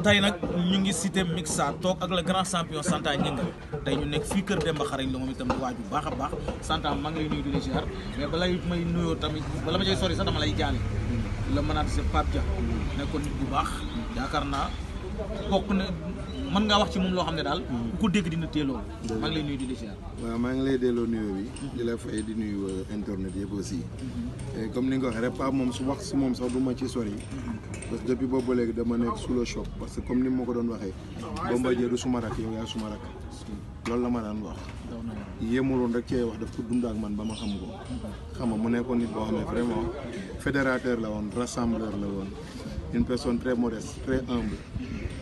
tey nag ñu ngi cité Mixa toog ak le grand champion Santa Gningue tey ñu nekk fii kër Demba Xarañ la moom itam di waaju baax a baax Santa maa ngi lay nuyu di la ziar mais balay may nuyoo tamit bala ma cay sori sax dama lay jaale la mënaat c'est Pape Dia nekkoon nit bu baax yaakaar naa bokk na man ngaa wax ci moom loo xam ne daal hmm. ku ko dégg dina teel loolu maa lay nuyu di la waaw maa ngi lay delloo nuyoo bi di la fay di nuyu euh, internet yëpp aussi comme ni nga ko waxee rek Pape moom su wax si moom ma ci sori boobu léegi dama nekk sous le choc parce que comme ni ma ko doon waxee Bombardier du suma rakk yow yaa suma rakk loolu la ma daan wax yéemuloon rek cee wax daf ko dund ak man ba ma xam ko xam nga mu nekkoon nit boo xam ne vraiment fédérateur la woon rassembleur la woon une personne très modeste très humble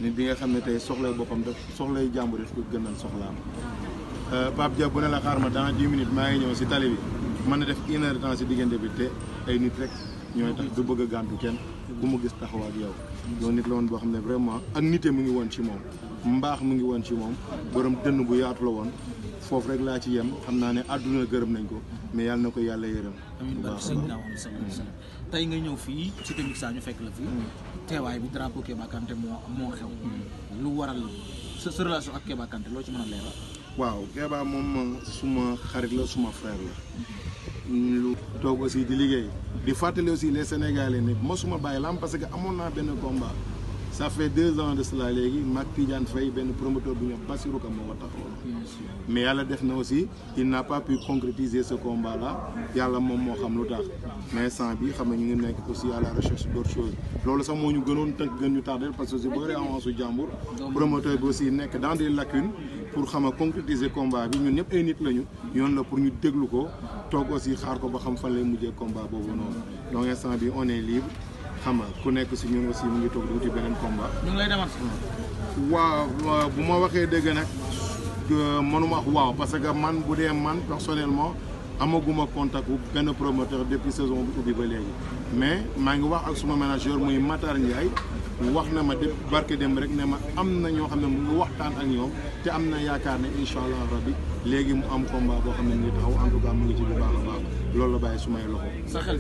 nit bi nga xam ne tey soxla boppam daf soxlay jàmbur daf ko gënal soxlaam euh, Pape Dia bu ne la xaar ma dans dix minutes maa ngi ñëw si tali bi mën na def une heure temps si diggante bi te ay nit rek ñooy tax du bëgg a gàntu kenn ku mu gis taxaw ak yow loolu nit la woon boo xam ne vraiment ak nite mu ngi woon ci moom mbaax mu ngi woon ci moom borom dënn bu yaatu la woon foofu rek laa ci yem xam naa ne àdduna gërëm nañ ko mais yàlla na ko yàlla yërëm tey nga ñëw fii ci tamit saa ñu fekk la fii hmm. teewaay bi drapeau Keba Kanté moo moo xew hmm. lu waral sa sa ak Keba Kanté loo ci mën a leeral waaw Keba moom suma xarit la suma frère la hmm. lu toog aussi di liggéey di fàttali aussi les sénégalais ne mosuma bàyyi lamb parce que amoon naa benn combat ça fait deux ans de cela léegi Mac Tidiane Faye benn promoteur bu ñu wax Bassirou Ka moo taxawoon mais yàlla def na aussi di n'a pas pu concrétiser ce combat là yàlla moom moo xam lu tax mais sans bi xam ne ñu ngi nekk aussi à la recherche d'autres choses loolu sax moo ñu gënoon tënk gën ñu tardé parce que si bëri avance su jàmbur promoteur bi nekk dans des lacunes pour xam a concrétiser combat bi ñun ñëpp ay nit lañu. yoon la pour ñu déglu ko toog aussi xaar ko ba xam fan lay mujjee combat boobu noonu donc instant bi on est libre xam nga ku nekk si ñun aussi mu ngi toog di wuti beneen combat. ñu ngi lay demal waaw bu ma waxee dëgg nag mënuma wax waaw parce que man bu dee man personnellement. amaguma contact bu benn promoteur depuis saison bi ubbi ba léegi mais maa ngi wax ak suma manager muy Matar Ndiaye wax na ma de barke dem rek ne ma am na ñoo xam ne mu ngi waxtaan ak ñoom te am na yaakaar ne incha allah rabbi léegi mu am combat boo xam ne nii taxaw en tout cas mu ngi ci bu baax a baax loolu la bàyyi sumay loxo. sa xel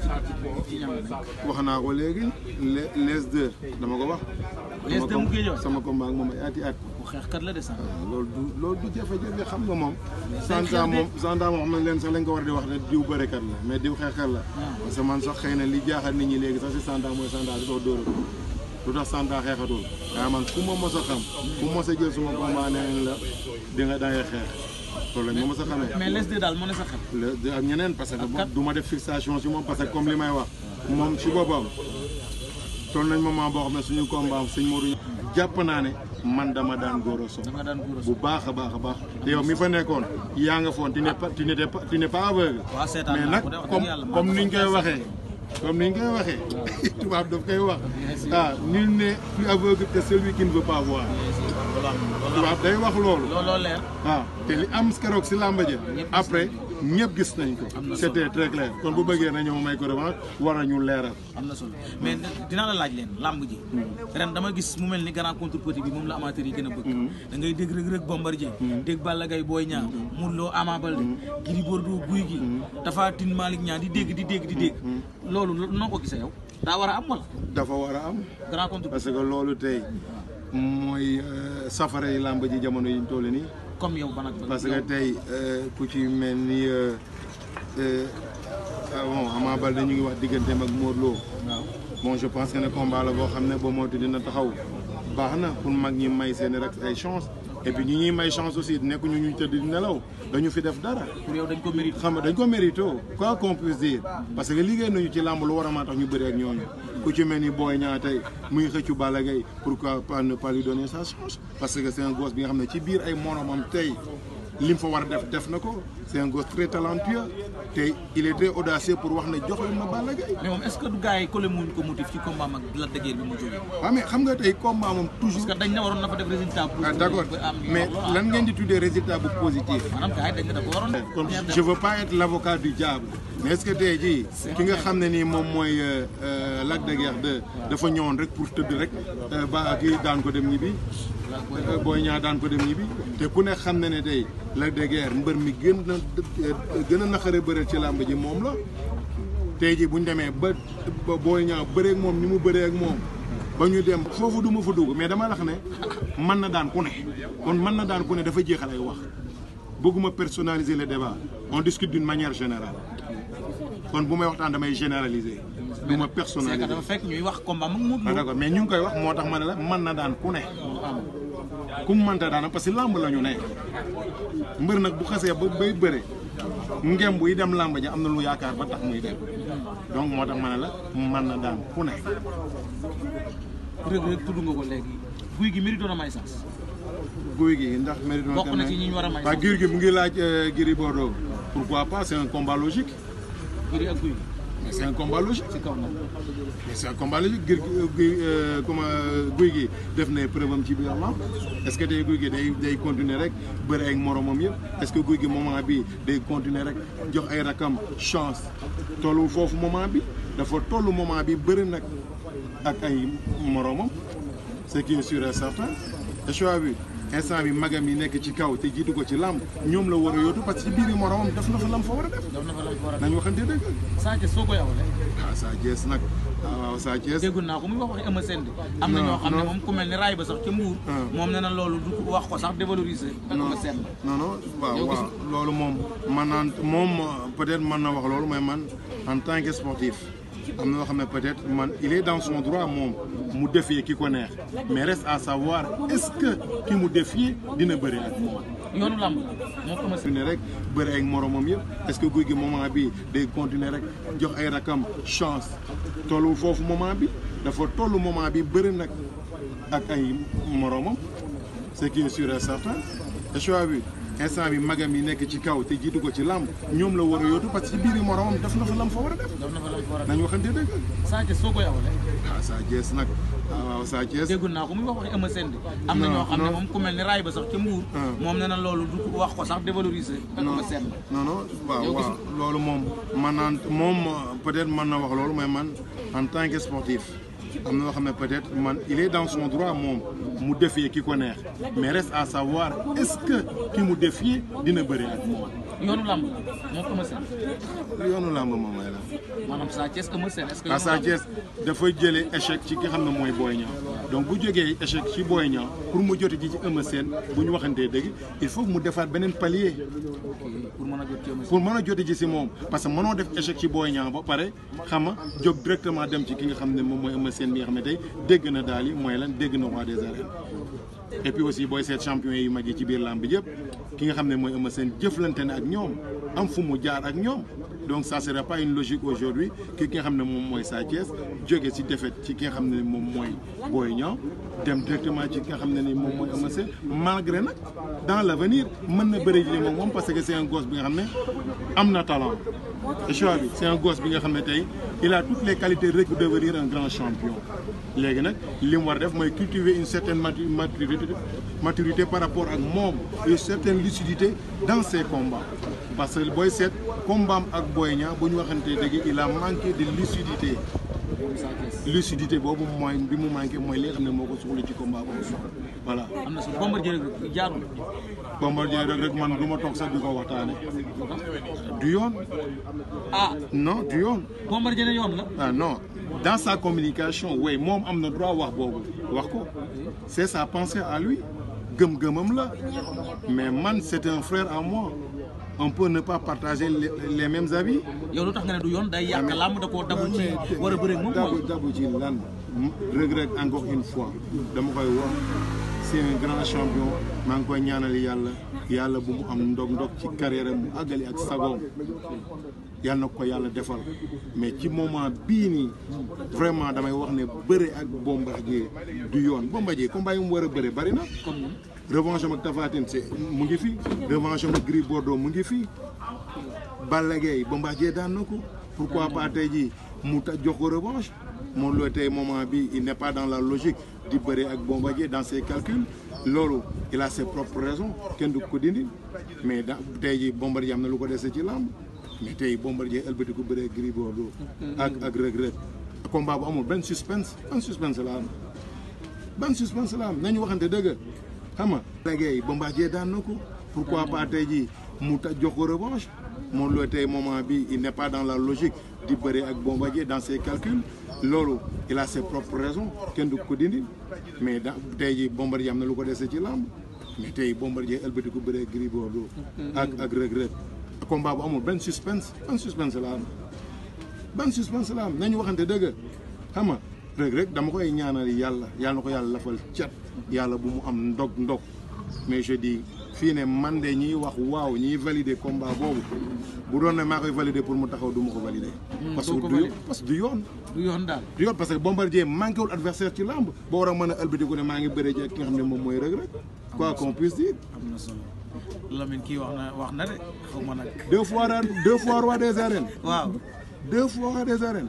wax naa ko léegi les deux dama ko wax. les deux mu géejoon sama combat moom ay at i la de sax. Ah, loolu du loolu du jafe xam nga moom. santa moom santa moom xam nañ leen sax ko war di wax ne diw bërekat la mais diw xeexkat la. Ah. parce sax xëy na li jaaxal nit ñi léegi sax si santa mooy santa di ko lu tax Santa xeexatul waaye man ku ma mos a xam ku mos a jël suma combat la di nga dangay xeex loolu lañ ma mos a xamee. les deux daal na sa xam. les deux ak ñeneen parce que du ma def fixation si moom parce comme li may wax moom si boppam toll nañ moment boo xam ne suñu combat am suñu moruñu. jàpp naa ne man dama daan góor a soog bu baax a baax a baax yow mi fa nekkoon yaa nga foon tu n'es pas tu n'es pas aveugle mais nag comme comme niñ koy waxee. comme ni ngay waxe waxee tubaab daf koy wax ah nul n'est plus aveugle que celui qui ne veut pas voir. tubaab day wax loolu. looloo leer ah te li am keroog si làmba après. ñëpp gis nañ ko. c'était très clair kon bu bëggee na ñëw may ko revanche war a ñu leeral. am na solo mais dinaa la laaj leen làmb ji. Mm-hmm. ren dama gis mu mel ni grand contre petit bi moom la amateur yi gën a bëgg. Mm-hmm. da ngay dégg Reug Reug Bombardier. Mm-hmm. dégg Balla Gaye Boy Niang. Modou Lo Ama Baldé. Gris Bordeaux Gouye Gui. Tapha Tine Malick Niang di dégg di dégg di loolu noo ko gisee yow. daa war a am wala. dafa war a am. grand contre parce que loolu tey ah. mooy euh, safara yi làmb ji jamono yi ñu toll comme yow ban ak ban. parce que tey euh, ku ci mel ni euh, euh, ah bon Ama Baldé ñu ngi wax digganteem ak Modou Lo. waaw bon je pense que ne combat la boo xam ne ba moytu dina taxaw baax na pour mag ñi may seen rek ay chance et puis ñi ñuy may chance aussi nekkuñu ñu ñuy tëdd nelaw dañu fi def dara. pour dañ ko mérite. dañ ko mérito quoi qu'on puisse dire parce que liggéey nañu ci làmb lu war a maa tax ñu bëri ak ñooñu. ku ci mel ni Boy Niang tey muy xëccu Balla Gaye pourquoi pas ne pas lui donner sa chance parce que c'est un bi nga xam ne ci biir ay moromam tey li fa war def def na ko c'est un gosse très talentueux te il est très audacieux pour wax ne jox leen ma Balla Gaye. mais moom est-ce que gars yi collé muñ ci combat ak Lac de Guiers bi mu jógee. Ah, xam nga tey combat toujours. que dañ ne waroon na fa def résultat. positif. Ah, je veux pas être l'avocat du diable. mais est-ce que tey jii ki nga xam ne nii moom mooy euh, euh, Lac de Guiers dafa ñëwoon rek pour tëdd rek euh, ba kii daan ko dem ñibbi Boy Niang daan ko dem ñibbi te ku ne xam ne ne tey Lac de Guiers mbër mi gën a gën a naqare bëre ci làmb ji moom la tey jii bu ñu demee ba Boy Niang bëree ak moom ni mu bëree ak moom ba ñu dem foofu duma ma dugg mais dama lax ne mën na daan ku ne kon mën na daan ku ne dafa jeexal ay wax bëgguma personnaliser le débat on discute d'une manière générale kon bu may waxtaan damay généralisé du ma personnaliser dafa fekk ñuy wax combat mag Modou Lo. Ah, d'accord mais ñu ngi koy wax moo tax ma ne la man na daan ku ne. ku mu mënta daan parce que làmb la ñu ne. mbër nag bu xasee ba bay bëre ngem buy dem làmb ja am na lu yaakaar ba tax muy dem donc moo tax ma ne la man na daan ku ne. Reug Reug tudd nga ko léegi guy gi mérite na may sens. guy gi ndax mérite na bokk na ci ñu war a may sens. waaw guy gi mu ngi laaj euh, Gris Bordeaux pourquoi pas c'est un combat logique. Gris ak Gouye Gui. mais c'est un ci kaw nag mais c'est un combat logique Gris euh, euh, def na preuve am ci biir làmb est-ce que tey Gouye Gui day continuer rek bëri ay moromam yëpp est-ce que Gouye gi moment bi day continuer rek jox ay rakam chance tollu foofu moment bi dafa tollu moment bi bëri nag ak ay moromam ce qui est sûr et certain bi. instant bi magam yi nekk ci kaw te jiitu ko ci làmb ñoom la war a yóotu parce que ci biir moromam def na a na fa lam fa war a def nañu waxante dëgg. Sa Thiès soo koy awalee. Ah, ah, waaw Sa Thiès waaw Sa Thiès. naa ko muy wax waxi Eumeu Sène am na ñoo xam ne moom ku mel ne raay ba sax ca Mbour. Ah. moom nee na loolu du wax ko sax dévaloriser. Eumeu Sène la waaw waaw loolu moom man naan moom peut-être mën na wax loolu mooy man en tant que sportif. am na loo xam ne peut-être man il est dans son droit moom mu défier ki ko neex mais reste à savoir est-ce que ki mu défier dina bëri ak moom. yoonu lamb moo rek bëri ak moromam yëpp est-ce que guy gi moment bi day continuer rek jox ay rakam chance tollu foofu moment bi dafa tollu moment bi bëri nag ak ay moromam ce qui est sûr et certain choix bi. instant bi magam yi nekk ci kaw te jiitu ko ci làmb ñoom la war a yóotu parce que ci biir moromam def na fa lam fa na fa lam fa war a def nañu waxante dëgg. Sa Thiès soo koy ah, a ah, waaw Sa Thiès nag waaw Sa Thiès. naa ko muy wax waxi Eumeu Sène de. am na ñoo xam ne moom ku mel ne raay ba sax ca Mbour. Ah. moom nee na loolu du wax ko sax dévaloriser. fekk Eumeu Sène waaw waaw loolu moom. man naan moom peut-être mën na wax loolu mais man en tant que sportif. am na loo xam ne peut-être man il est dans son droit moom mu défier ki ko neex mais reste à savoir est que ki mu défier dina bëri ak moom. yoonu làmb moo ko yoonu làmb moom mooy la. maanaam Sa Thiès est-ce que mësal est-ce que. Sa Thiès dafa jëlee échec ci ki xam ne mooy Boy Niang. donc bu jógee échec ci Boy Niang pour mu joti ji ci Eumeu seen bu ñu waxantee dëgg il faut mu defaat beneen palier. pour mën a jot pour mën a joti ji si moom parce que mënoo def échec ci Boy Niang ba pare xam nga jóg directement dem ci ki nga xam ne moom mooy Eumeu Sène bi nga xam ne tey dégg na daal yi mooy lan dégg na roi des arènes. et puis aussi booy seet champion yu mag yi ci biir làmb bi yëpp ki nga xam ne mooy Eumeu seen jëflante ne ak ñoom am fu mu jaar ak ñoom donc ça sera pas une logique aujourd'hui ki nga xam ne moom mooy Sa Thiès jóge ci défaite ci ki nga xam ne ni moom mooy Boy Niang dem directement ci ki nga xam ne ni moom mooy Ama Sène malgré nag dans l'avenir mën na bëri ji moom moom parce que c'est un gosse bi nga xam ne am na talent choix bi c'est un bi nga xam ne tey il a toutes les qualités requises pour devenir un grand champion léegi nag li mu war a def mooy cultiver une certaine maturité maturité par rapport ak moom une certaine lucidité dans ses combats parce que booy seet combat ak Boy Niang bu ñu waxantee dëgg il a manqué de lucidité. lucidité boobu mooy bi mu manqué mooy li xam ne moo ko soxla ci combat boobu voilà. am na solo Bombardier rek jaarul. Bombardier rek rek man du ma toog sax di ko waxtaane du yoon. ah non du yoon. Bombardier ne yoon la. ah non dans sa communication oui moom am na droit wax boobu wax ko c'est sa pensée à lui. gëm-gëmam la mais man c'est un frère à moi on peut ne pas partager les, mêmes avis. yow lu tax nga ne du yoon day yàq ah, làmb da koo dabu ci war a bëri moom dabu dabu ci lan. Reug encore une fois dama koy wax c'est un grand champion. maa ngi koy ñaanal yàlla yàlla bu mu am ndog ndog ci carrière mu àggali ak sagoom yàlla na ko yàlla defal mais ci moment bii nii vraiment damay wax ne bëre ak Bombardier du yoon Bombardier combat yi mu war a bëre bari kon revanche am ak Tapha Tine c'est mu ngi fi revanche ak Gris Bordeaux mu ngi fi Balla Gaye Bombardier daan na ko pourquoi pas tey jii mu ta jox ko revanche moom looy tey moment bi il n'est dans la logique di bëri ak bomba dans ses calculs loolu il a ses propres raisons kenn du ko dindi mais da tey jii Bombardier am na lu ko dese ci làmb mais tey Bombardier ëlbati ko bëree Gris Bordeaux ak ak Reug Reug combat bu amul benn suspense benn suspense la am benn suspense la am nañu waxante dëgg xam nga léegi Bombardier daan na ko pourquoi pas tey jii mu ta jox ko revanche moom loolu tey moment bi il n'est pas dans la logique di bëree ak Bombardier dans ses calculs loolu il a ses propres kenn du ko dindi mais da tey bombar Bombardier am na lu ko dese ci làmb mais tey Bombardier ëlbati ko bëree Gris Bordeaux ak ak Reug Reug combat bu amul benn suspense ban suspense la am ban suspense la am nañu waxante dëgg xam nga Reug Reug dama koy ñaanal yàlla yàlla na ko yàlla lafal cat yàlla bu mu am ndog ndog mais je dis fii man de ñiy wax waaw ñiy valider combat boobu bu doon maa koy valider pour mu taxaw du ma ko hmm, valider. parce que du yoon. du yoon daal du yoon parce que Bombardier manqué wul adversaire ci làmb boo war mën a ëlbatiku ne maa ngi bëree ci ki ne moom mooy Reug Reug wax wax na de xaw ma nag. deux fois ra deux fois roi des arènes. deux fois roi des arènes.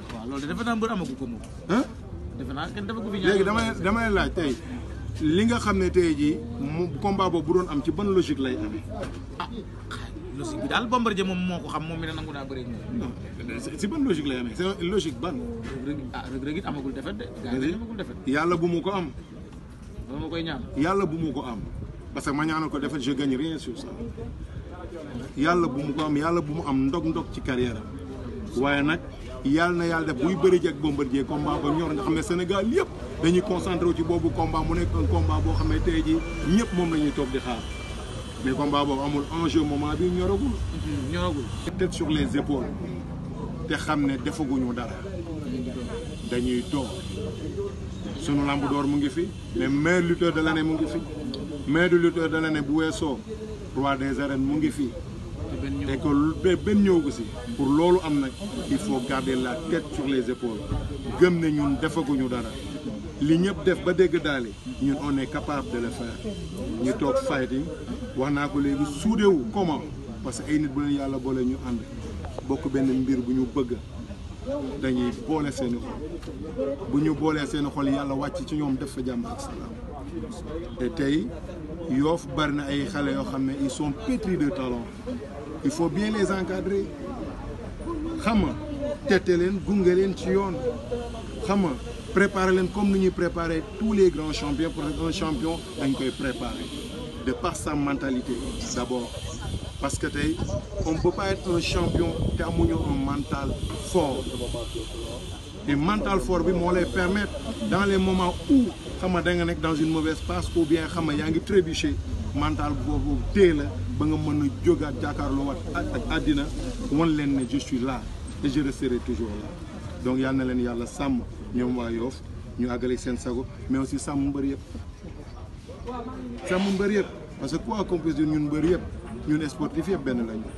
ko moom. defe naa kenn defagu li nga xam ne tey jii mu combat boobu bu doon am ci ban logique lay amee. ah logique bi daal Bombardier moom moo ko xam moom mi ne nangu naa bëri non si ban logique lay amee c'est logique ban. ah Reug amagul defet de. amagul defet yàlla bu mu ko am. dama koy ñaan. yàlla bu mu ko am parce que ma ñaanal ko defet je gagne rien sur ça yàlla bu mu ko am yàlla bu mu am ndog-ndog ci carrière waaye nag. yal na yàlla def buy bëri ak Bombardier combat ba ñor nga xam ne Sénégal yëpp dañuy concentré wu ci boobu combat mu nekk un combat boo xam ne tey jii ñëpp moom la ñuy toog di xaar mais combat boobu amul enjeu moment bi ñoragul. ñoragul. tête sur les épaules te xam ne defaguñu dara dañuy toog sunu lamb d'or mu ngi fi mais meilleur lutteur de l'année mu ngi fi mais meilleur lutteur de ne bu weesoo roi des arènes mu ngi fi. et que benn ñëw aussi pour loolu am nag il faut garder la tête sur les épaules gëm ne ñun defaguñu dara li ñëpp def ba dégg daale ñun one est capable de le faire ñu toog fighting wax naa ko léegi suudewu comment parce que ay nit bu leen yàlla boole ñu ànd bokk benn mbir bu ñu bëgg dañuy boole seeni xol bu ñu boolee seeni xol yàlla wàcc ci ñoom def fa jàmm ak salaam te tey yoof bari na ay xale yoo xam ne ils sont pétris de talent il faut bien les encadrer xam nga tette leen gunge leen ci yoon xam prépare leen comme lu ñuy préparer tous les grands champions pour un champion dañ koy préparer de par sa mentalité d'abord parce que tey on peut pas être un champion te amuñu un mental fort et mental fort bi moo lay permettre dans les moments où xam nga da nga nekk dans une mauvaise passe ou bien xam nga yaa ngi trébucher mental boobu tée la ba nga mën a jógaat jàkkaarloo waat ak àddina wan leen ne je suis là et je resterai toujours là donc yal na leen yàlla sàmm ñoom waa Yoff ñu àggale seen sago mais aussi sàmm mbër yëpp sàmm mbër yëpp parce que quoi qu'on puisse dire ñun mbër yëpp ñun sportif yëpp benn lañu